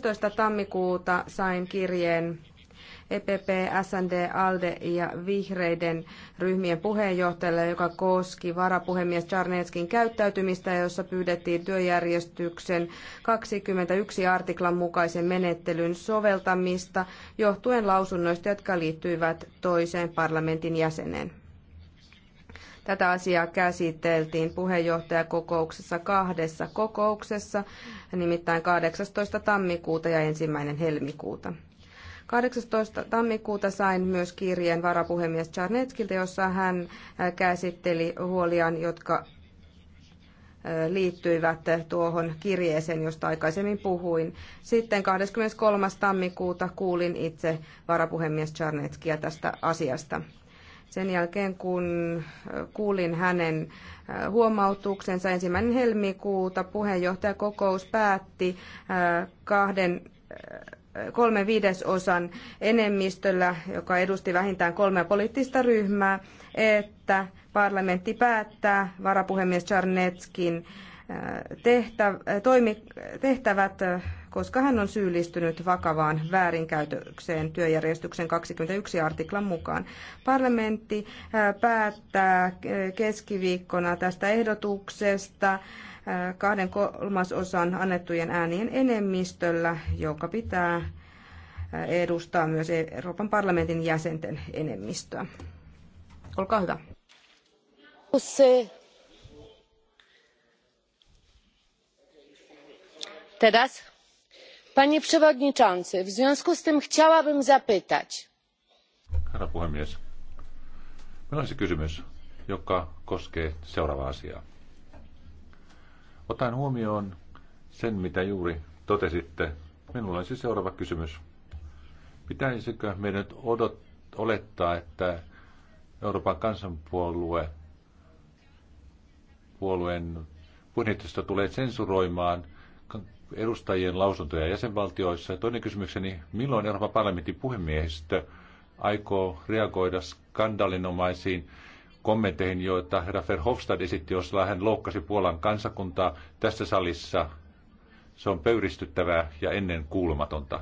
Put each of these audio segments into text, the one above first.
11. tammikuuta sain kirjeen EPP, SND, ALDE ja vihreiden ryhmien puheenjohtajalle, joka koski varapuhemies Czarneckin käyttäytymistä, jossa pyydettiin työjärjestyksen 21 artiklan mukaisen menettelyn soveltamista johtuen lausunnoista, jotka liittyivät toiseen parlamentin jäseneen. Tätä asiaa käsiteltiin puheenjohtajakokouksessa kahdessa kokouksessa, nimittäin 18. tammikuuta ja 1. helmikuuta. 18. tammikuuta sain myös kirjeen varapuhemies Charnetskilta, jossa hän käsitteli huoliaan, jotka liittyivät tuohon kirjeeseen, josta aikaisemmin puhuin. Sitten 23. tammikuuta kuulin itse varapuhemies Charnetskia tästä asiasta sen jälkeen, kun kuulin hänen huomautuksensa ensimmäinen helmikuuta, puheenjohtajakokous päätti kahden kolme viidesosan enemmistöllä, joka edusti vähintään kolmea poliittista ryhmää, että parlamentti päättää varapuhemies Czarneckin tehtävät koska hän on syyllistynyt vakavaan väärinkäytökseen työjärjestyksen 21 artiklan mukaan. Parlamentti päättää keskiviikkona tästä ehdotuksesta kahden kolmasosan annettujen äänien enemmistöllä, joka pitää edustaa myös Euroopan parlamentin jäsenten enemmistöä. Olkaa hyvä. Teraz panie przewodniczący! w związku z tym chciałabym zapytać herra puhemies minulla olisi kysymys joka koskee seuraavaa asiaa. Otan huomioon sen, mitä juuri totesitte. Minulla olisi seuraava kysymys. Pitäisikö meidän nyt olettaa, että Euroopan kansanpuolue puolueen budjetista tulee sensuroimaan – edustajien lausuntoja jäsenvaltioissa. Ja toinen kysymykseni, milloin Euroopan parlamentin puhemiehistö aikoo reagoida skandalinomaisiin kommentteihin, joita herra Verhofstadt esitti, jos hän loukkasi Puolan kansakuntaa tässä salissa. Se on pöyristyttävää ja ennen kuulumatonta.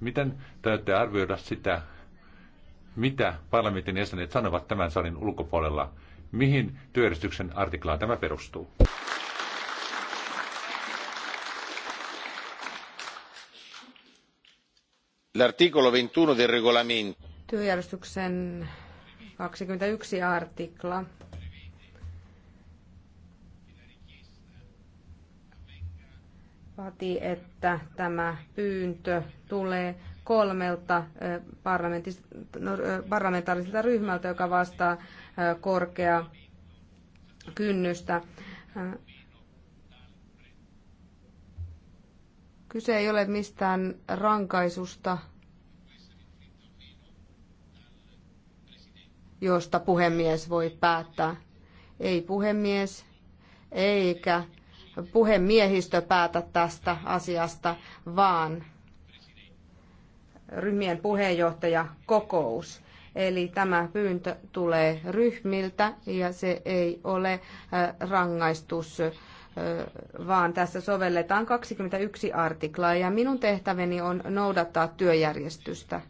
Miten täytyy arvioida sitä, mitä parlamentin jäsenet sanovat tämän salin ulkopuolella? Mihin työjärjestyksen artiklaan tämä perustuu? l'articolo ventiuno del regolamento. Työjärjestyksen 21 artikla vaatii, että tämä pyyntö tulee kolmelta no, parlamentaariselta ryhmältä, joka vastaa korkea kynnystä. Kyse ei ole mistään rankaisusta, josta puhemies voi päättää. Ei puhemies eikä puhemiehistö päätä tästä asiasta, vaan ryhmien puheenjohtaja kokous. Eli tämä pyyntö tulee ryhmiltä ja se ei ole äh, rangaistus vaan tässä sovelletaan 21 artiklaa ja minun tehtäväni on noudattaa työjärjestystä.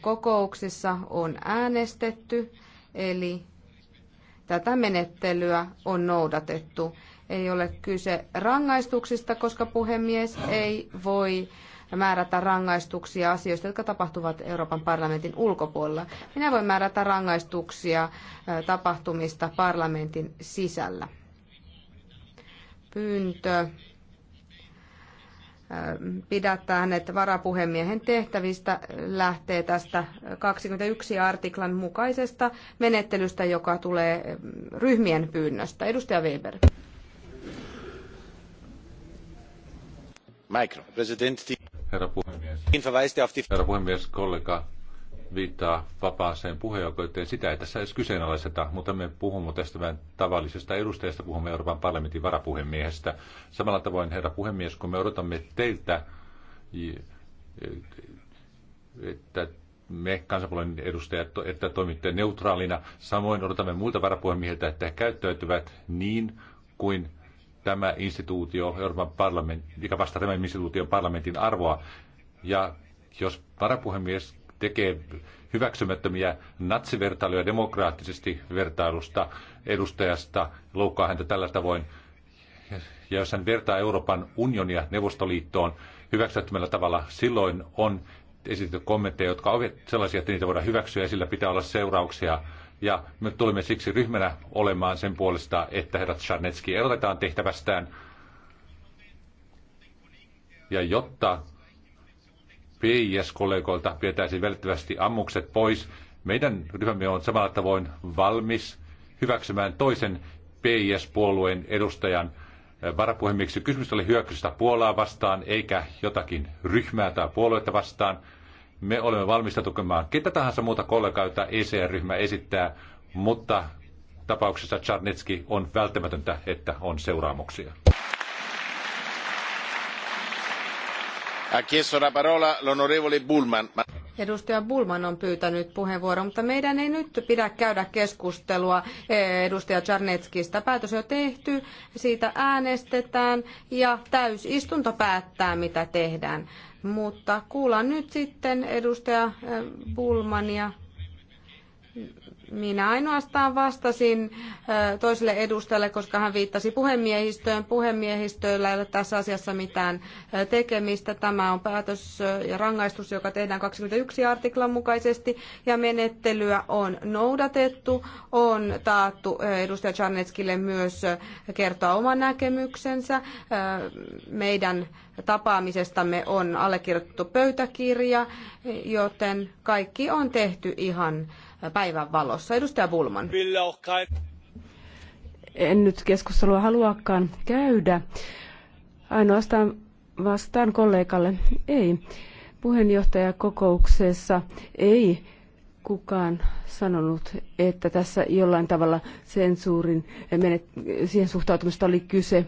kokouksissa on äänestetty, eli tätä menettelyä on noudatettu. Ei ole kyse rangaistuksista, koska puhemies ei voi määrätä rangaistuksia asioista, jotka tapahtuvat Euroopan parlamentin ulkopuolella. Minä voin määrätä rangaistuksia tapahtumista parlamentin sisällä pyyntö äh, pidättää hänet varapuhemiehen tehtävistä lähtee tästä 21 artiklan mukaisesta menettelystä, joka tulee ryhmien pyynnöstä. Edustaja Weber. Herra puhemies. Herra puhemies, kollega viittaa vapaaseen puheenjohtajuuteen. Sitä ei tässä edes kyseenalaisteta, mutta me puhumme tästä vähän tavallisesta edustajasta, puhumme Euroopan parlamentin varapuhemiehestä. Samalla tavoin, herra puhemies, kun me odotamme teiltä, että me kansanpuolen edustajat, että toimitte neutraalina. Samoin odotamme muilta varapuhemiehiltä, että he käyttäytyvät niin kuin tämä instituutio, Euroopan parlamentti, mikä vastaa tämän instituution parlamentin arvoa. Ja jos varapuhemies tekee hyväksymättömiä natsivertailuja demokraattisesti vertailusta edustajasta, loukkaa häntä tällä tavoin. Ja jos hän vertaa Euroopan unionia Neuvostoliittoon hyväksymättömällä tavalla, silloin on esitetty kommentteja, jotka ovat sellaisia, että niitä voidaan hyväksyä ja sillä pitää olla seurauksia. Ja me tulemme siksi ryhmänä olemaan sen puolesta, että herra Charnetski erotetaan tehtävästään. Ja jotta PIS-kollegoilta pidetäisiin välittömästi ammukset pois. Meidän ryhmämme on samalla tavoin valmis hyväksymään toisen PIS-puolueen edustajan eh, varapuhemmiksi. Kysymys oli hyökkäystä Puolaa vastaan, eikä jotakin ryhmää tai puoluetta vastaan. Me olemme valmista tukemaan ketä tahansa muuta kollegaa, jota ECR-ryhmä esittää, mutta tapauksessa Charnetski on välttämätöntä, että on seuraamuksia. Edustaja Bulman on pyytänyt puheenvuoron, mutta meidän ei nyt pidä käydä keskustelua eh, edustaja Czarneckista. Päätös on tehty, siitä äänestetään ja täysistunto päättää, mitä tehdään. Mutta kuullaan nyt sitten edustaja eh, Bulmania. Minä ainoastaan vastasin toiselle edustajalle, koska hän viittasi puhemiehistöön. Puhemiehistöillä ei ole tässä asiassa mitään tekemistä. Tämä on päätös ja rangaistus, joka tehdään 21 artiklan mukaisesti ja menettelyä on noudatettu. On taattu edustaja Charnetskille myös kertoa oman näkemyksensä meidän tapaamisestamme on allekirjoitettu pöytäkirja, joten kaikki on tehty ihan päivän valossa. Edustaja Bulman. En nyt keskustelua haluakaan käydä. Ainoastaan vastaan kollegalle. Ei. Puheenjohtajakokouksessa ei kukaan sanonut, että tässä jollain tavalla sensuurin, siihen suhtautumista oli kyse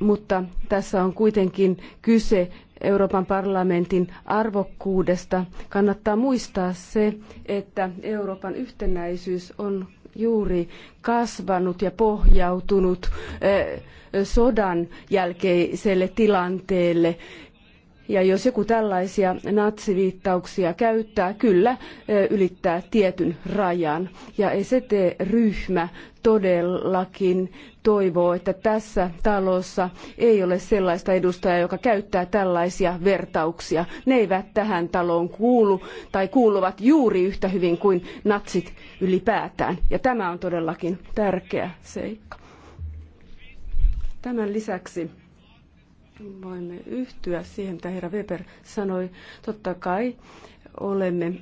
mutta tässä on kuitenkin kyse Euroopan parlamentin arvokkuudesta. Kannattaa muistaa se, että Euroopan yhtenäisyys on juuri kasvanut ja pohjautunut eh, sodan jälkeiselle tilanteelle ja jos joku tällaisia natsiviittauksia käyttää, kyllä ylittää tietyn rajan. Ja ST-ryhmä e todellakin toivoo, että tässä talossa ei ole sellaista edustajaa, joka käyttää tällaisia vertauksia. Ne eivät tähän taloon kuulu tai kuuluvat juuri yhtä hyvin kuin natsit ylipäätään. Ja tämä on todellakin tärkeä seikka. Tämän lisäksi Voimme yhtyä siihen, mitä herra Weber sanoi. Totta kai olemme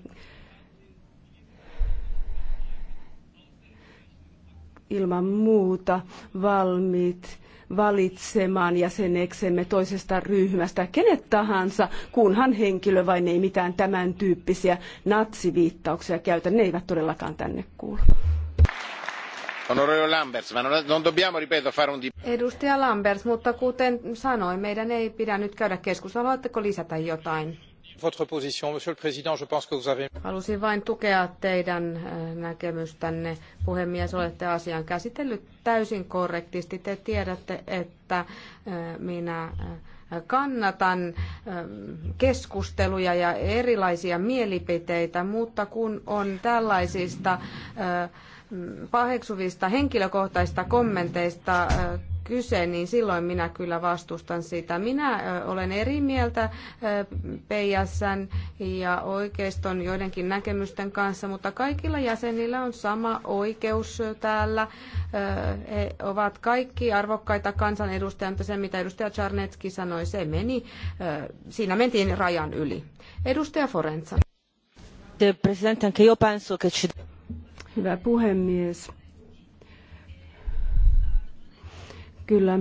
ilman muuta valmiit valitsemaan jäseneksemme toisesta ryhmästä kenet tahansa, kunhan henkilö vain ei mitään tämän tyyppisiä natsiviittauksia käytä. Ne eivät todellakaan tänne kuulu. Edustaja Lambers, mutta kuten sanoin, meidän ei pidä nyt käydä keskustelua. Haluatteko lisätä jotain? Votre position, monsieur le président, je pense que vous avez... Halusin vain tukea teidän äh, näkemystänne. Puhemies, olette asian käsitellyt täysin korrektisti. Te tiedätte, että äh, minä äh, kannatan keskusteluja ja erilaisia mielipiteitä, mutta kun on tällaisista paheksuvista henkilökohtaisista kommenteista kyse, niin silloin minä kyllä vastustan sitä. Minä olen eri mieltä PSN ja oikeiston joidenkin näkemysten kanssa, mutta kaikilla jäsenillä on sama oikeus täällä. He ovat kaikki arvokkaita kansanedustajia, mutta se mitä edustaja Czarnetski sanoi, se meni, siinä mentiin rajan yli. Edustaja Forenza. Presidente, anche io penso che ci Hyvä puhemies. Kyllä.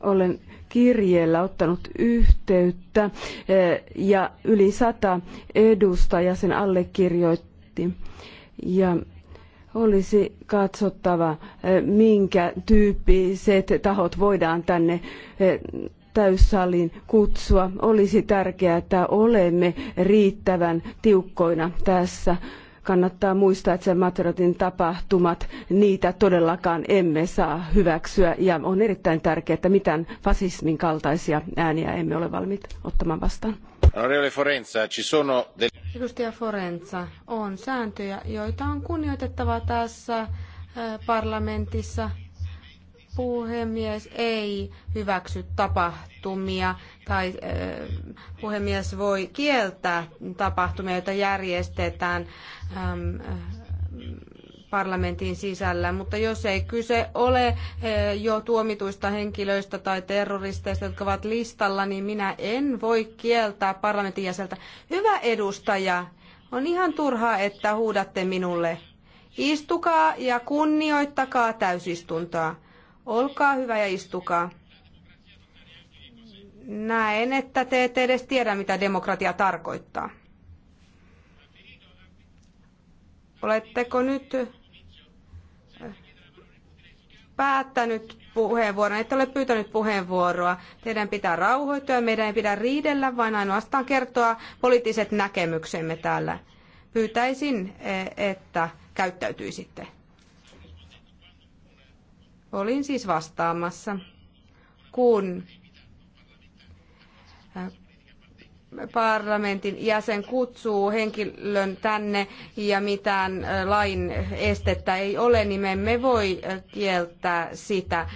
Olen kirjeellä ottanut yhteyttä eh, ja yli sata edustaja sen allekirjoitti. Ja olisi katsottava, eh, minkä tyyppiset tahot voidaan tänne eh, täyssaliin kutsua. Olisi tärkeää, että olemme riittävän tiukkoina tässä. Kannattaa muistaa, että Materatin tapahtumat, niitä todellakaan emme saa hyväksyä. Ja on erittäin tärkeää, että mitään fasismin kaltaisia ääniä emme ole valmiit ottamaan vastaan. Forenza, ci sono del... Edustaja Forenza, on sääntöjä, joita on kunnioitettava tässä eh, parlamentissa Puhemies ei hyväksy tapahtumia tai puhemies voi kieltää tapahtumia, joita järjestetään parlamentin sisällä, mutta jos ei kyse ole jo tuomituista henkilöistä tai terroristeista, jotka ovat listalla, niin minä en voi kieltää parlamentin jäseltä. Hyvä edustaja, on ihan turhaa, että huudatte minulle. Istukaa ja kunnioittakaa täysistuntoa. Olkaa hyvä ja istukaa. Näen, että te ette edes tiedä, mitä demokratia tarkoittaa. Oletteko nyt äh, päättänyt puheenvuoron, ette ole pyytänyt puheenvuoroa. Teidän pitää rauhoittua, meidän ei pidä riidellä, vaan ainoastaan kertoa poliittiset näkemyksemme täällä. Pyytäisin, e, että käyttäytyisitte. Olin siis vastaamassa, kun parlamentin jäsen kutsuu henkilön tänne ja mitään lain estettä ei ole, niin me emme voi kieltää sitä.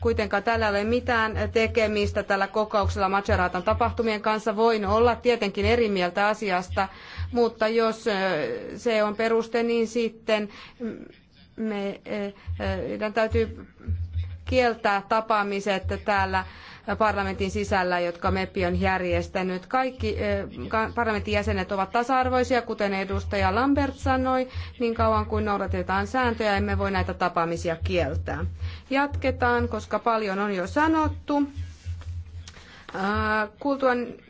Kuitenkaan tällä ei ole mitään tekemistä tällä kokouksella Maceratan tapahtumien kanssa. Voin olla tietenkin eri mieltä asiasta, mutta jos se on peruste, niin sitten E, e, meidän täytyy kieltää tapaamiset täällä parlamentin sisällä, jotka MEPI on järjestänyt. Kaikki e, parlamentin jäsenet ovat tasa-arvoisia, kuten edustaja Lambert sanoi, niin kauan kuin noudatetaan sääntöjä, emme voi näitä tapaamisia kieltää. Jatketaan, koska paljon on jo sanottu. Kuultuan